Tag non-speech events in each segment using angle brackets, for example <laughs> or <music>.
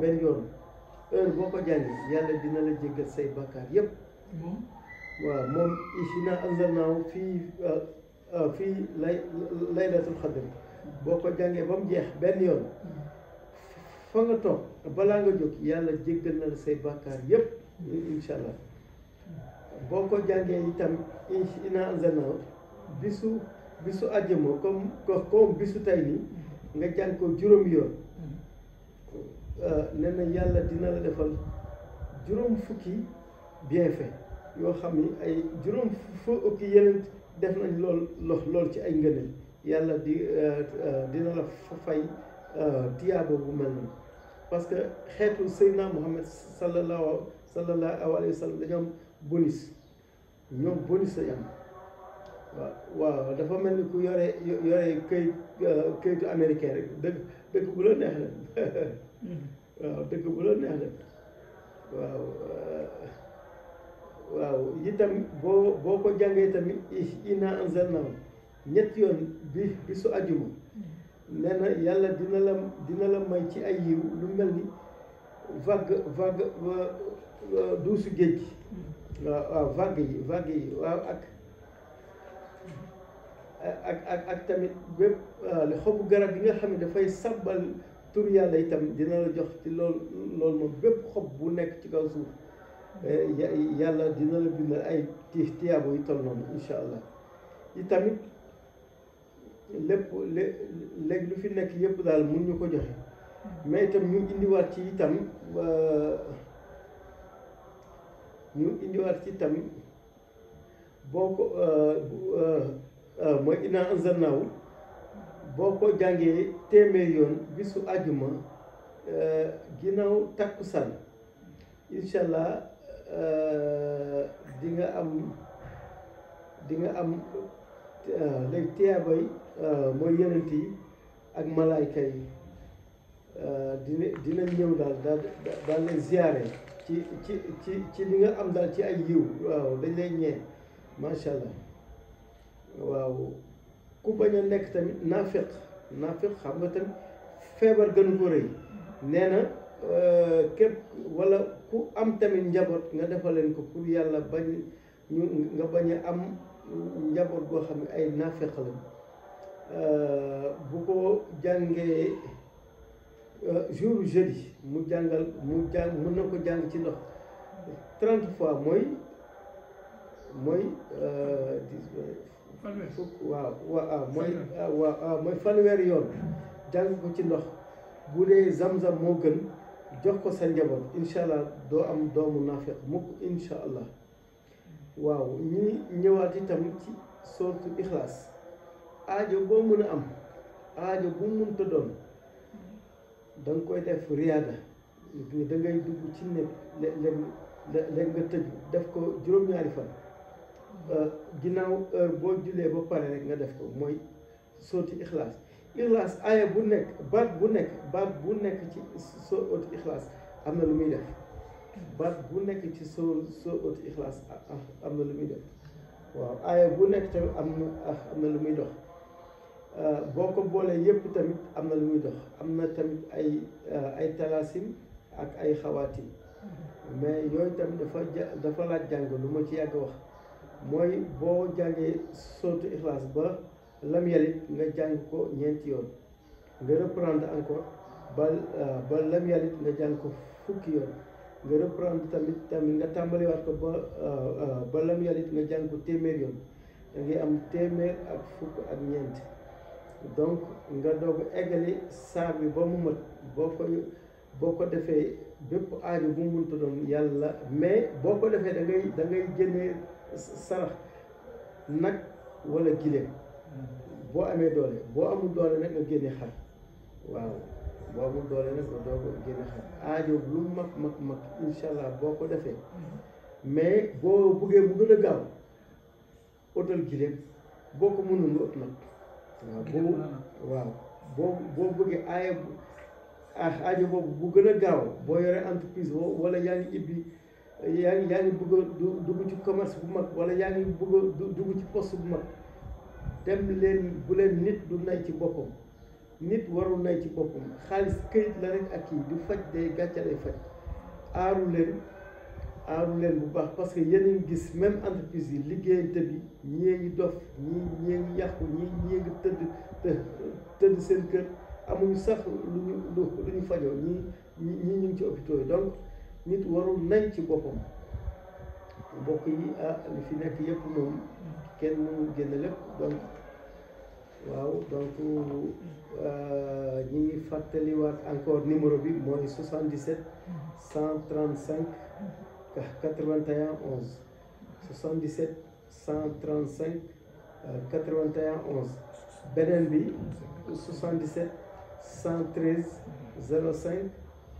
benn yoon heure boo ko jàngi yàlla dina la jéggal say bakkaar yépp waaw moom inna anzalnaahu fii euh, euh, fii lay boo ko jàngee ba mu jeex benn yoon fa nga toog balaa nga jóg yàlla jéggal na la say bakkaar yépp incha allah boo ko jàngee itam inna anzalnaahu bisu bisu àjjuma comme comme bisu tey nii nga jàng ko juróomi yoon Euh, nee na yàlla dina la defal juróom fukki bienfait yoo xam ni ay juróom fukki yeneen def nañ lool lox lool ci ay ngëneel yàlla di euh, euh, dina la fay tiyaaba bu mel noonu parce que xeetu Seydina Muhammad sallallahu sallallahu alayhi wa sallam dañoo am ñoom bonus la am waaw dafa mel ni ku yore yore këyit këyitu américain rek dëkk bu la neex la <laughs> waaw dëgg bu la neex nag waaw eh, waaw yi tamit boo boo ko jàngee tamit inna anzalnahu ñett yoon bi bi su ajuma nee yàlla dina la dina la may ci ay yiw lu mel ni vague vague eh, eh, duusu géej gi waaw waaw yi vague yi waaw ak ak ak tamit bépp xobu garab yi nga xam ne dafay sabbal tur yàlla tamit dina la jox ci lool lool moom bépp xob bu nekk ci kaw suuf eh, yàlla dina la bindal ay ti tiyaabo yu toll noonu incha allah yi tamit lépp léegi lu fi nekk yëpp daal mun ñu ko joxe mais itam ñu indiwaat ci itam ñu indiwaat ci itam boo ko euh, euh, euh, mooy inaa anzalnaahu boo ko jàngee téeméer yoon bisu àjjuma euh, ginnaaw takkusaan incha allah euh, dinga am di nga am euh, lay tiyaabay mooy yonent ak malaayka yi dina dina ñëw daal daal daal lay ziyaare ci ci ci ci li nga am daal ci ay yiw waaw dañ lay ñee macha allah waaw ku bañ a nekk tamit naafiq naafiq xam nga tamit feebar gënu ko rëy nee na euh, képp wala ku am tamit njaboot nga defal leen ko pour yàlla bañ ñu nga bañ a am njaboot goo xam ne ay naafiq lañ euh, bu ko jàngee euh, jour jeudi mu jàngal mu jàng mën na ko jàng ci ndox trente fois mooy mooy fanweer fukk waaw waaw ah, mooy. Ah, waaw ah, mooy fanweer yoon. jàng ko ci ndox bu dee zam-zam moo gën jox ko sa njaboot incha allah doo am doomu naafeq mukk incha allah waaw ñi ñëwaat itam ci sortu ixlaas aajo boo mën a am aajo bu mënta doon da koy def riyaada da ngay dugg ci néeg léeg-léeg nga tëj def ko juróom-ñaari fan. ginnaaw heure boo jullee ba pare rek nga def ko mooy sooti ixlaas ixlaas aaya bu nekk baat bu nekk baat bu nekk ci sooti ixlaas am na lu muy def baat bu nekk ci soo sooti ixlaas am na lu muy def waaw aaya bu nekk tamit am na am na lu muy dox boo ko boolee yépp tamit am na lu muy dox am na tamit ay ay talaasim ak ay xawaatim mais yooyu tamit dafa ja dafa laaj jàng lu ma ci yàgg wax mooy boo jàngee sootu ixlaas ba lam nga jàng ko ñeenti yoon nga reprendre encore ba euh, ba lam yalit nga jàng ko fukki yoon nga reprendre tamit tamit nga tàmbaliwaat ko ba euh, euh, ba lam yalit nga jàng ko téeméer yoon da am téeméer ak fukk ak ñeenti donc nga doog eggali saa bi ba mu mat boo ko boo ko defee bépp aajo bu mu munta yàlla mais boo ko defee da ngay da صرخ نك ولا جيلين بو امي دولي بو امو دولي نك غيني خار واو بو امو دولي نك دوغو غيني خار اديو لو مك مك مك ان شاء الله بوكو دافي مي بو بوغي بو غنا اوتل جيلين بوكو مونو نو اوتل واو واو بو بو بوغي اي اه بو غنا غاو بو يوري انتربريز ولا يانغ ايبي yaa ngi yaa ngi bëgg dugg ci commerce bu mag wala yaa ngi bëggoo a dugg ci post bu mag dem leen bu leen nit du nay ci boppam nit warul nay ci boppam xaalis këyit la rek ak kii du faj day gàcce day faj aaru leen aaru leen bu baax parce que yéen ngi gis même entreprise yi liggéeyante bi ñii ngi dof ñii ñii ngi yàqu ñii ñii ngi tëdd tëdd seen kër amuñu sax lu ñu lu ñu fajoo ñii ñii ñu ci hôpitaux yi donc. nit warul mel ci boppam mbokk yi ah li fi nekk yëpp moom kenn mënul génn lépp donc waaw donc euh, ñi ngi waat encore numéro bi mooy 77 135 91 11 77 135 91 11 beneen bi 77 113 05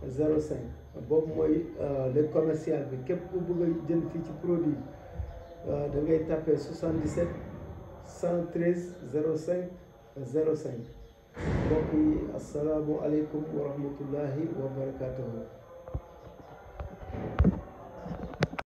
zéro cinq boobu mooy euh, le commercial bi képp ku bëgg a jënd fii ci produit euh, da ngay tapé 77 113 05 05 mbokk yi asalaamualeykum wa rahmatullahi wa